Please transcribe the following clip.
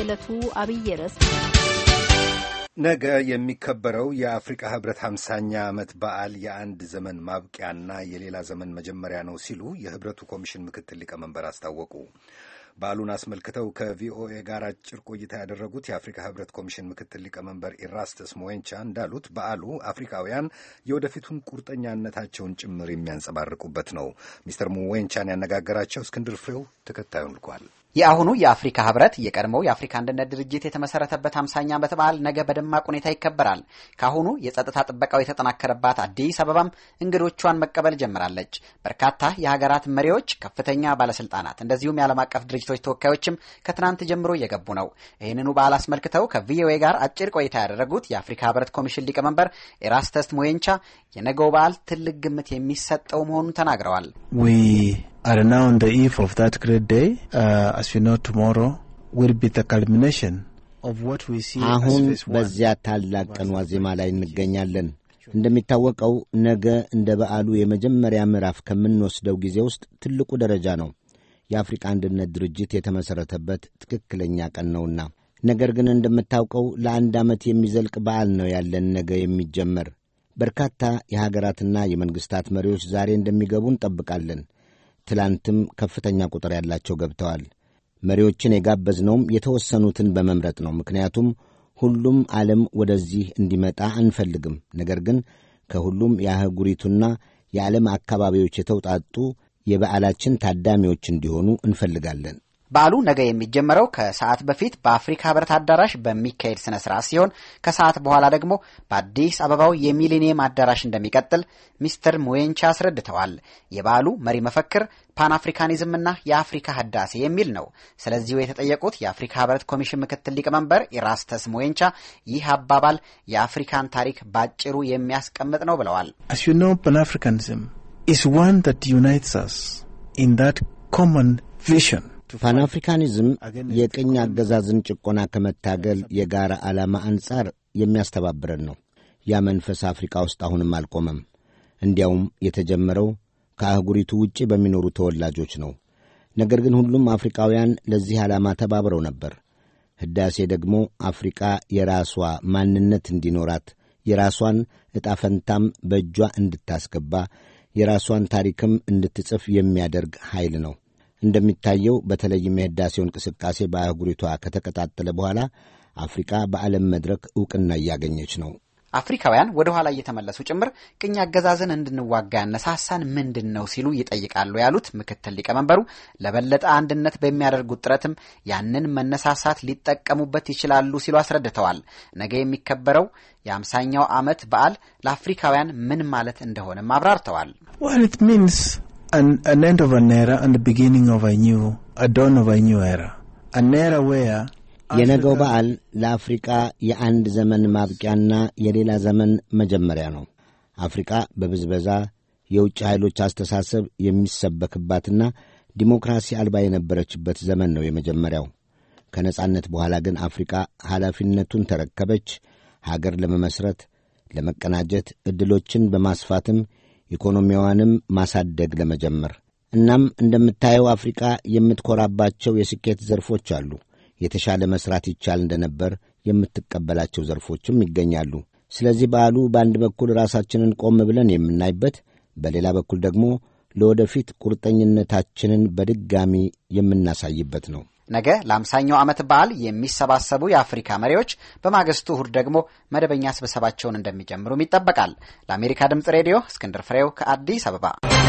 የዕለቱ አብይ ርዕስ ነገ የሚከበረው የአፍሪካ ህብረት ሃምሳኛ ዓመት በዓል የአንድ ዘመን ማብቂያና የሌላ ዘመን መጀመሪያ ነው ሲሉ የህብረቱ ኮሚሽን ምክትል ሊቀመንበር አስታወቁ። በዓሉን አስመልክተው ከቪኦኤ ጋር አጭር ቆይታ ያደረጉት የአፍሪካ ህብረት ኮሚሽን ምክትል ሊቀመንበር ኢራስተስ ሞዌንቻ እንዳሉት በዓሉ አፍሪካውያን የወደፊቱን ቁርጠኛነታቸውን ጭምር የሚያንጸባርቁበት ነው። ሚስተር ሞዌንቻን ያነጋገራቸው እስክንድር ፍሬው ተከታዩን ልኳል። የአሁኑ የአፍሪካ ህብረት የቀድሞው የአፍሪካ አንድነት ድርጅት የተመሰረተበት አምሳኛ ዓመት በዓል ነገ በደማቅ ሁኔታ ይከበራል። ከአሁኑ የጸጥታ ጥበቃው የተጠናከረባት አዲስ አበባም እንግዶቿን መቀበል ጀምራለች። በርካታ የሀገራት መሪዎች፣ ከፍተኛ ባለስልጣናት እንደዚሁም የዓለም አቀፍ ድርጅቶች ተወካዮችም ከትናንት ጀምሮ እየገቡ ነው። ይህንኑ በዓል አስመልክተው ከቪኦኤ ጋር አጭር ቆይታ ያደረጉት የአፍሪካ ህብረት ኮሚሽን ሊቀመንበር ኤራስተስ ሞየንቻ የነገው በዓል ትልቅ ግምት የሚሰጠው መሆኑን ተናግረዋል። are now on the eve of that great day. Uh, as you know, tomorrow will be the culmination of what we see አሁን በዚያ ታላቅ ቀን ዋዜማ ላይ እንገኛለን። እንደሚታወቀው ነገ እንደ በዓሉ የመጀመሪያ ምዕራፍ ከምንወስደው ጊዜ ውስጥ ትልቁ ደረጃ ነው። የአፍሪቃ አንድነት ድርጅት የተመሠረተበት ትክክለኛ ቀን ነውና። ነገር ግን እንደምታውቀው ለአንድ ዓመት የሚዘልቅ በዓል ነው ያለን ነገ የሚጀመር። በርካታ የሀገራትና የመንግሥታት መሪዎች ዛሬ እንደሚገቡ እንጠብቃለን። ትላንትም ከፍተኛ ቁጥር ያላቸው ገብተዋል። መሪዎችን የጋበዝነውም የተወሰኑትን በመምረጥ ነው። ምክንያቱም ሁሉም ዓለም ወደዚህ እንዲመጣ አንፈልግም። ነገር ግን ከሁሉም የአህጉሪቱና የዓለም አካባቢዎች የተውጣጡ የበዓላችን ታዳሚዎች እንዲሆኑ እንፈልጋለን። በዓሉ ነገ የሚጀመረው ከሰዓት በፊት በአፍሪካ ህብረት አዳራሽ በሚካሄድ ስነ ስርዓት ሲሆን ከሰዓት በኋላ ደግሞ በአዲስ አበባው የሚሊኒየም አዳራሽ እንደሚቀጥል ሚስተር ሙዌንቻ አስረድተዋል። የበዓሉ መሪ መፈክር ፓን አፍሪካኒዝምና የአፍሪካ ህዳሴ የሚል ነው። ስለዚሁ የተጠየቁት የአፍሪካ ህብረት ኮሚሽን ምክትል ሊቀመንበር ኢራስተስ ሙዌንቻ ይህ አባባል የአፍሪካን ታሪክ ባጭሩ የሚያስቀምጥ ነው ብለዋል። ፓን አፍሪካኒዝም ኢዝ ዋን ዩናይትስ አስ ኢን ዳት ኮመን ቪዥን ፓን አፍሪካኒዝም የቅኝ አገዛዝን ጭቆና ከመታገል የጋራ ዓላማ አንጻር የሚያስተባብረን ነው። ያ መንፈስ አፍሪካ ውስጥ አሁንም አልቆመም። እንዲያውም የተጀመረው ከአህጉሪቱ ውጪ በሚኖሩ ተወላጆች ነው። ነገር ግን ሁሉም አፍሪካውያን ለዚህ ዓላማ ተባብረው ነበር። ሕዳሴ ደግሞ አፍሪቃ የራሷ ማንነት እንዲኖራት የራሷን ዕጣ ፈንታም በእጇ እንድታስገባ የራሷን ታሪክም እንድትጽፍ የሚያደርግ ኃይል ነው። እንደሚታየው በተለይም የህዳሴው እንቅስቃሴ በአህጉሪቷ ከተቀጣጠለ በኋላ አፍሪቃ በዓለም መድረክ እውቅና እያገኘች ነው። አፍሪካውያን ወደ ኋላ እየተመለሱ ጭምር ቅኝ አገዛዝን እንድንዋጋ ያነሳሳን ምንድን ነው ሲሉ ይጠይቃሉ ያሉት ምክትል ሊቀመንበሩ ለበለጠ አንድነት በሚያደርጉት ጥረትም ያንን መነሳሳት ሊጠቀሙበት ይችላሉ ሲሉ አስረድተዋል። ነገ የሚከበረው የአምሳኛው ዓመት በዓል ለአፍሪካውያን ምን ማለት እንደሆነም አብራርተዋል። an, an end of an era and the beginning of a new, a dawn of a new era. An era where የነገው በዓል ለአፍሪቃ የአንድ ዘመን ማብቂያና የሌላ ዘመን መጀመሪያ ነው። አፍሪቃ በብዝበዛ የውጭ ኃይሎች አስተሳሰብ የሚሰበክባትና ዲሞክራሲ አልባ የነበረችበት ዘመን ነው የመጀመሪያው። ከነጻነት በኋላ ግን አፍሪቃ ኃላፊነቱን ተረከበች። ሀገር ለመመስረት ለመቀናጀት፣ ዕድሎችን በማስፋትም ኢኮኖሚዋንም ማሳደግ ለመጀመር። እናም እንደምታየው አፍሪቃ የምትኮራባቸው የስኬት ዘርፎች አሉ። የተሻለ መሥራት ይቻል እንደነበር የምትቀበላቸው ዘርፎችም ይገኛሉ። ስለዚህ በዓሉ በአንድ በኩል ራሳችንን ቆም ብለን የምናይበት፣ በሌላ በኩል ደግሞ ለወደፊት ቁርጠኝነታችንን በድጋሚ የምናሳይበት ነው። ነገ ለአምሳኛው ዓመት በዓል የሚሰባሰቡ የአፍሪካ መሪዎች በማግስቱ እሁድ ደግሞ መደበኛ ስብሰባቸውን እንደሚጀምሩም ይጠበቃል። ለአሜሪካ ድምጽ ሬዲዮ እስክንድር ፍሬው ከአዲስ አበባ